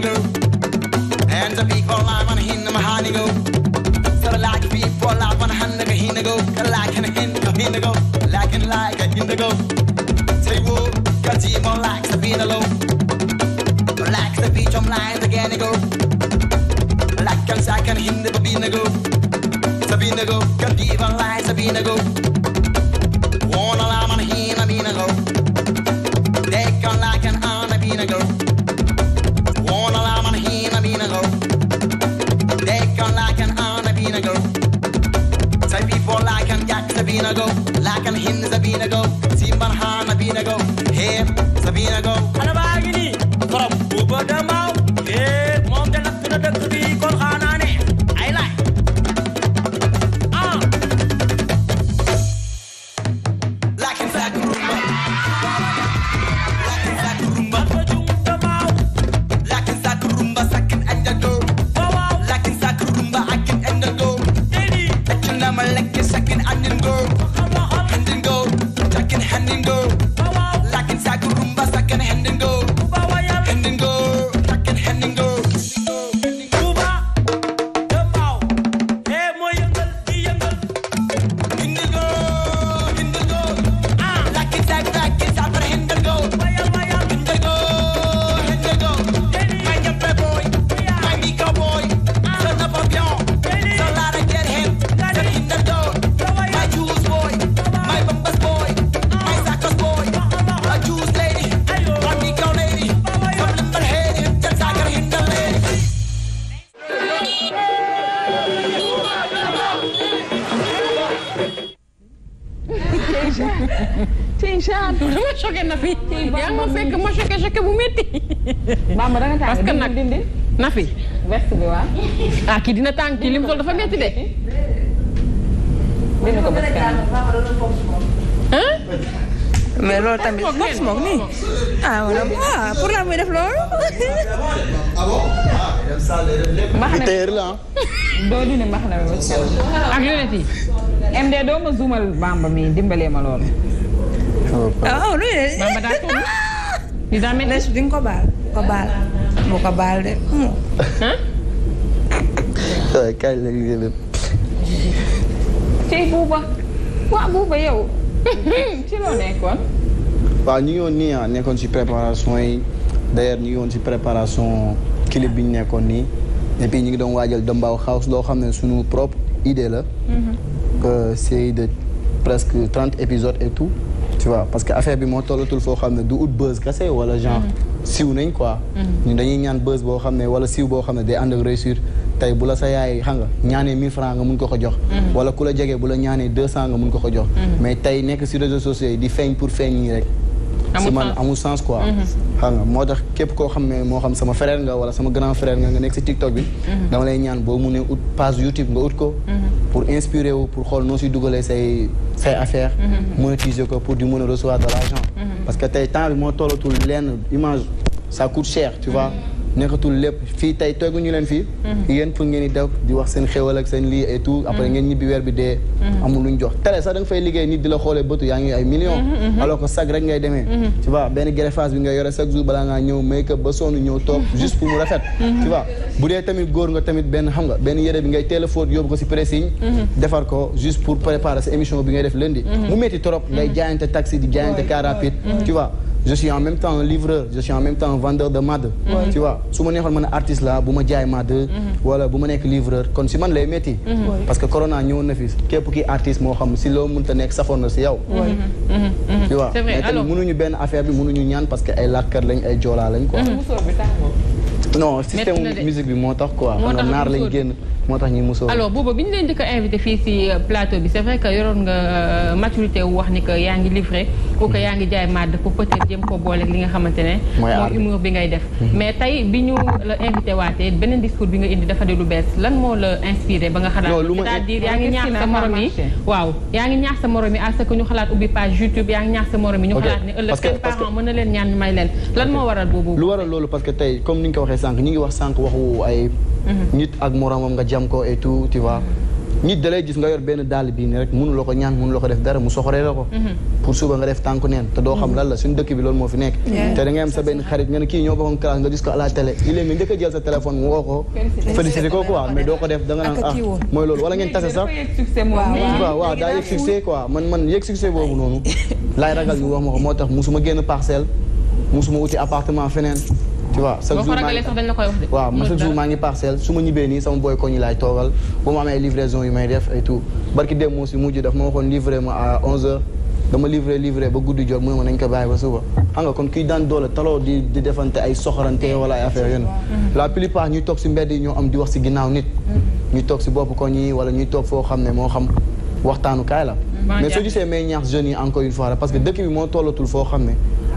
honey go. And the people I want him a honey go. So like people I want hand a hin go. Like an hin a hin go. Like an like a hin go. Say woo, cause he more likes to be alone. Like the beach I'm lying again go. Like I'm second hin the babina go. Sabina go, can even lie Sabina go. Sabina go, hip, Sabina go, Alaba. choqué na fi. yaa ngi ma fekk ma choqué choqué bu métti. Bamba da nga parce que nag na fi. veste bi waaw. Ah, kii dina tàng kii li mu sol dafa métti de. dina ko bës kanam. mais loolu tamit box moom nii ah wala ah, la muy def loolu. mbaxana la doo dindi mbaxana bi ak lunette yi. MD doo ma zoomal Bamba mi dimbalee ma loolu. ah lu di nga ko baal bu ko baal bu ko baal de. waaye hmm. kañ la ñu tey buuba waaw buuba yow ci loo nekkoon. waaw ñu ngi woon nii ah nekkoon ci préparation yi d'ailleurs ñu ngi woon ci préparation clip bi ñu nekkoon nii et puis ñu ngi doon waajal Dombaaw House loo xam ne suñu propre idée la. Mm-hmm. Euh, série de presque trente épisodes et tout. tu vois parce que affaire bi moo tollatul foo xam ne du ut buzz kese wala genre mm. siw nañ quoi mm. ñu dañuy ñaan buzz boo xam ne wala siw boo xam ne day ànd ak réussir tey bu la sa yaay xam ñaanee 1000 francs nga mun ko ko jox mm. wala ku la jegee bu la ñaanee 200 nga mun ko ko jox mais tey nekk si réseaux sociaux yi di feeñ pour feeñ ñii rek si man amul sens quoi mm-hmm. xam moo tax képp koo xam ne moo xam sama frère nga wala sama grand frère nga nga nekk si TikTok bi mm-hmm. dama pour inspirer wu pour xool noo si dugalee say say affaire mm-hmm. monétiser ko pour di mën a recevoir de l'argent mm-hmm. parce que tey temps bi moo tollatul lenn image ça coûte cher tu vois mm-hmm. nekkatul lépp fii tey tooguñu leen fii. Mhm. yéen pour ngeen di daw di wax seen xéwal ak seen lii et tout. après mhm. ngeen ñibbi weer bi dee. Mhm. amul luñ jox télé sax da fay liggéey nit di la xoolee bëtu yaa ngi ay millions. alors que sag rek ngay demee. tu vois benn greffage bi nga yore chaque jour balaa ngaa ñëw make up ba sonn ñëw toog juste pour mu rafet. tu bu dee tamit góor nga tamit benn xam nga benn yere bi ngay teel a fóot ko si pressing. defar ko juste pour préparer sa émission bi ngay def lundi. mu métti trop ngay jaayante taxi di jaayante car rapide tu vois je suis en même temps un livreur je suis en même temps un vendeur de mad mhm. tu vois su ma neexoon man artiste la bu ma jaay mad mhm. wala bu ma nekk livreur kon si man lay métti mhm. parce que corona ñëwoon na fi képp ki artiste moo xam si loo mënta nekk safoon na si yow tu vois mais tamit benn affaire bi mënuñu ñaan parce que ay làkkat lañ ay joolaa ko quoi non système musique bi moo tax quoi xam naar lañ génn moo tax ñuy musóor alors booba bi ñu leen di ko invité fii si euh, plateau bi c'est vrai que yoroon nga euh, maturité wax yaa ngi livré kooku yaa ngi jaay màdd pour peut être jëm ko boole li nga xamante ne mooy humour bi ngay def mhm. mais tey bi ñu la invité waatee beneen discours bi nga indi dafa di lu bees lan moo la inspiré ba nga xalaat c'est-à-dire yaa ngi ñaax sa morom yi waaw yaa ngi ñaax sa xalaat ubbi page YouTube yaa ngi ñaax mën na leen ñaan may leen lan moo waral boobu lu waral loolu parce que tey comme ni nga ko waxee sànq ñi ngi wax sànq waxu ay mhm. nit ak moromam nga jam ko et tout ti vois nit da lay nga yor benn dàll bii nii rek mënu la ko ñaan mënu la ko def dara mu soxoree la ko mhm. pour suba nga def tànku neen te doo xam mhm. lan la suñu dëkk bi loolu moo fi nekk te da ngay am xarit nga ne kii a jël sa téléphone doo ko def da nga naan ah mooy loolu wala ngeen tase sax waaw daa yëg succès quoi man man yëg succès boobu noonu laay ragal ñu wax ma ko moo tax musuma génn parcelle musuma uti appartement feneen tu vois chaque jour ma chaque jour maa ngi parcelle su ma ñibbee nii sama booy ko ñi laay toogal ba ma amee livraison yu may def et tout barki dem moo si mujj daf ma waxoon livré ma à 11h dama livré livré ba guddi jot mu ne ma nañ ko bàyyi ba suba xam nga kon kuy daan doole taloo di di defante ay soxorante wala ay affaire yoon mm-hmm. la plupart ñuy toog si mbedd yi ñoo am di wax si ginnaaw nit mm-hmm. ñu toog si bopp ko ñi wala ñuy toog foo xam ne moo xam waxtaanu kaay la mais soo yi encore parce que dëkk bi moo tollatul foo xam ne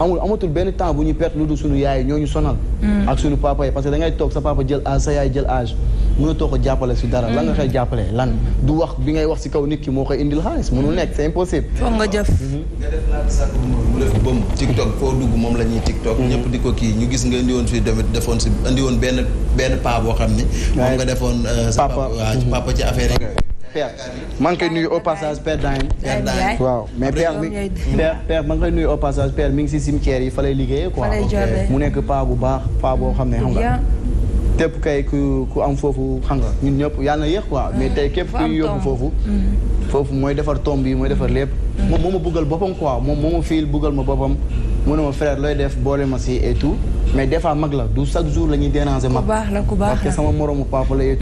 amul amatul benn temps bu ñuy perte lu dul suñu yaay ñoo ñu sonal hmm. ak suñu papa yi parce que da ngay toog sa papa jël âge sa yaay jël âge mënatoo ko jàppale si dara lan nga hmm. koy jàppale lan du wax bi ngay wax si kaw nit ki moo koy indil xaalis mënul nekk c'est impossible foog nga jëf mhm. nga def laata sàkk mu def bëm tiktok foo dugg moom la ñuy tiktok mhm. ñëpp di ko kii ñu gis nga indi woon fii tamit defoon si indi woon benn benn paa boo xam ni moom nga defoon euh, sa papa waaw ci mhm. affaire yi père maa ngi koy nuyu au passage père Daim. waaw mais père bi père père maa ngi koy nuyu au passage père mi ngi si cimetière yi fa lay liggéeyee quoi. mu nekk paa bu baax paa boo xam ne xam nga. tépp kay ku am foofu xam nga ñun ñëpp yàlla na yéex quoi mais tey képp kuy yóbbu foofu mm-hmm. foofu mooy defar tomb yi mooy defar lépp mm-hmm. moom moo ma bëggal boppam quoi moom moo ma fiil bëggal ma boppam mu ne ma frère looy def boole ma si et mais des fois mag la du chaque jour la ñuy déranger mag. ku baax la ku baax la parce que sama moromu papa la et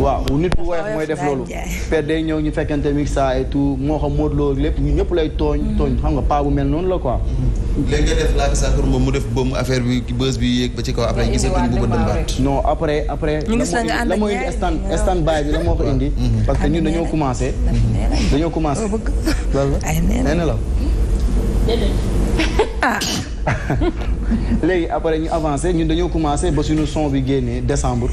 waaw nit bu woyof mooy def loolu. per day ñëw ñu fekkante mi saa et tout moo xam moo Lo lépp ñu ñëpp lay tooñ. Mm-hmm. tooñ xam nga paa bu mel noonu la quoi. Mm-hmm. léegi nga def moom mu def boobu affaire bi bës bi yéeg ba ci kaw après gisatuñ bu ko dëmbaat. non après après. ñu gis la nga ànd stand stand bi la moo ko indi. Mm-hmm. parce que ñun dañoo commencé. dañoo commencé. loolu la nee la. Ah. léegi après ñu avancé ñun dañoo commencé ba suñu son bi génnee décembre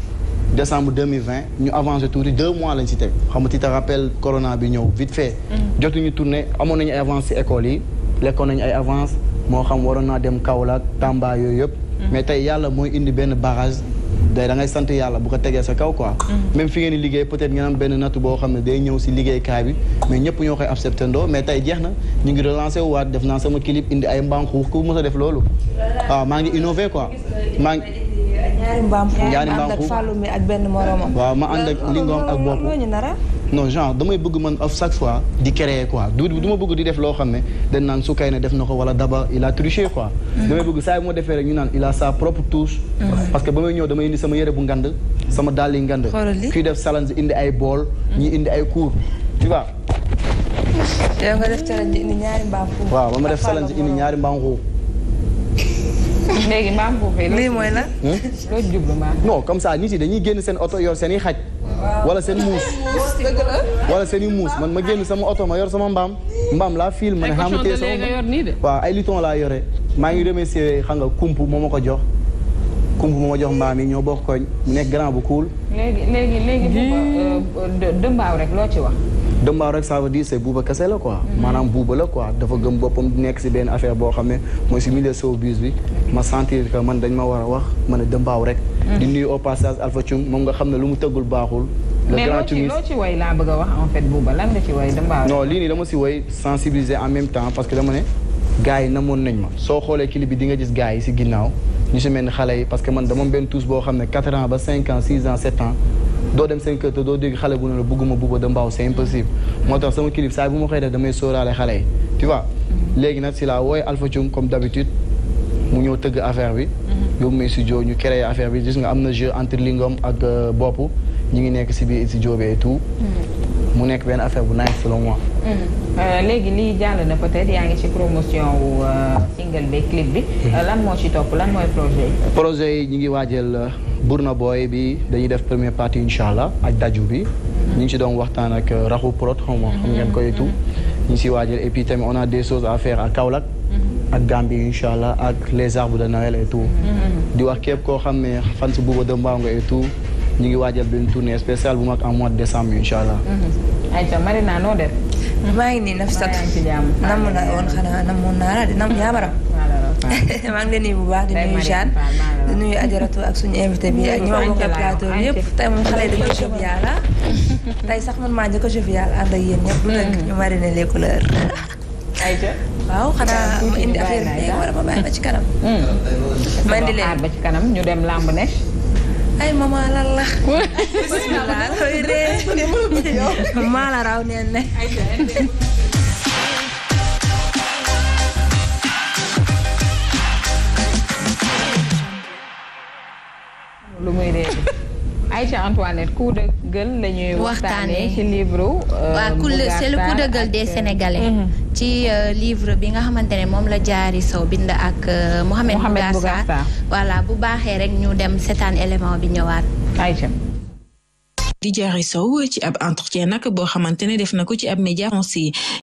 décembre 2020 ñu avancé tuuti deux mois lañ ci teg xam nga tu te rappelles corona bi ñëw vite fait. Mm. jotuñu tourné amoon nañu ay avance si école yi lekkoon nañu ay avance moo xam waroon naa dem Kaolack Tamba yooyu yëpp mm. mais tey yàlla mooy indi benn barage day da sant yàlla bu ko tegee sa kaw quoi mm-hmm. même fi ngeen liggéey peut ngeen am benn nattu boo xam ne day ñëw si liggéeykaay bi mais ñëpp ñoo koy accepté ndoo mais tey jeex na ñu ngi relancé waat def naa sama clip indi ay mbanquux ku mos def loolu waaw maa ngi innové quoi ñaari mbaam ñaari mbaam ak fàllu mi ak benn moromam waaw ma ànd ak li ak bopp ñu nara non genre damay bëgg man of chaque fois di créer quoi du du ma bëgg di def loo xam ne dañ naan su kay ne def na ko wala daba il a triché quoi mm. damay bëgg saa yi moo defee rek ñu naan il a sa propre touche mm. parce que ba may ñëw damay indi sama yére bu ngand sama dàll yi ngand kuy def challenge indi ay bool ñu mm. indi ay cours tu vois yow nga def challenge indi ñaari mbaam waaw ba ma def challenge indi ñaari mbaam léegi maam Boubé lii mooy la. Hmm? loo jublu maam. non comme ça nit yi dañuy génn seen oto yor seen i xaj. wala seen muus. wala seeni muus man ma génn sama oto ma yor sama mbaam. mbaam laa fiil ma ne xam nga sama mbaam waaw laa yore. maa ngi remercier xam nga kumpu moo ma ko jox. kump moo jox mbaam yi ñoo bokk ko nekk grand bu cool. léegi léegi léegi bu ma euh, rek loo ci wax. dëmbaaw rek ça veut dire c'est buuba kese la quoi mm-hmm. maanaam buuba la quoi dafa gëm boppam nekk si benn affaire boo xam ne mooy si milieu showbiz bi ma sentir que man dañ ma war a wax ma a dëmbaaw rek mm-hmm. di nuyu au Alpha Thioum moom nga xam ne lu mu tëggul baaxul mais loo ci loo ci way laa bëgg a wax en fait buuba lan nga ci way dëmbaaw non lii nii dama si way sensibiliser en même temps parce que dama ne gars yi namoon nañ ma soo xoolee clip bi di nga gis gars yi si ginnaaw ñu si mel ni xale yi ne 4 ans ba 5 ans 6 doo dem seen kër te doo dégg xale bu ne la bëgguma buuba da mbaaw c'est impossible moo tax sama clip saa bu ma xëy def damay sóoraale xale yi tu vois mhm. léegi nag si laa wooy Alpha Thioung comme d'habitude mu ñëw tëgg affaire bi mhm. yóbbu may studio ñu créé affaire bi gis nga am na jeu entre lingom ak euh, bopp ñu ngi nekk si biir studio bi et mhm. mu nekk benn affaire bu nice selon moi Euh, léegi lii jàll na peut-être yaa ngi ci promotion wu euh, single bi clip bi. Mhm. Euh, lan moo ci topp lan mooy projet yi. ñu ngi waajal Burna booy bi dañuy def premier partie incha allah ak daju bi. Mhm. ñu ngi ci doon waxtaan ak Raxu Prod xaw ma xam ngeen si mhm. waajal et puis tamit on a des choses à à Kaolack. ak Gambie incha allah ak les arbres de Noël et tout. di wax képp koo xam ne fan si Bouba Demba nga et tout. ñu ngi waajal benn tournée spéciale bu mag en mois de décembre incha allah. ayca Marina noo def. maa ngi nii Nafissatou namu na woon xanaa namu naa la de namu yaa ma raw maa ngi leen bu baax di nuyu Jeanne di nuyu Ajaratu ak suñu invité bi ak ñi ma bokk plateau bi yëpp tey moom xale ah. sax man maa njëkk jovial ànd ak yéen ñëpp. du mm. nag ñu mariner les couleurs. waaw xanaa ma indi affaire bi war ma bàyyi ba ci kanam. Mm. ma leen ci kanam ñu dem lamb ne. ay maman lan la. bisimilah koy dee. maa la raw neen ne. lu muy dee. Aïcha Antoinette coup de gueule la waxtaanee ci euh, euh, mhm. euh, livre. bi nga xamante ne moom la jaari sow bind ak Mohamed Bougassar voilà bu baaxee rek ñu dem seetaan élément bi ñëwaat. di jaari sow ci ab entretien nag boo xamante ne def na ko ci ab média français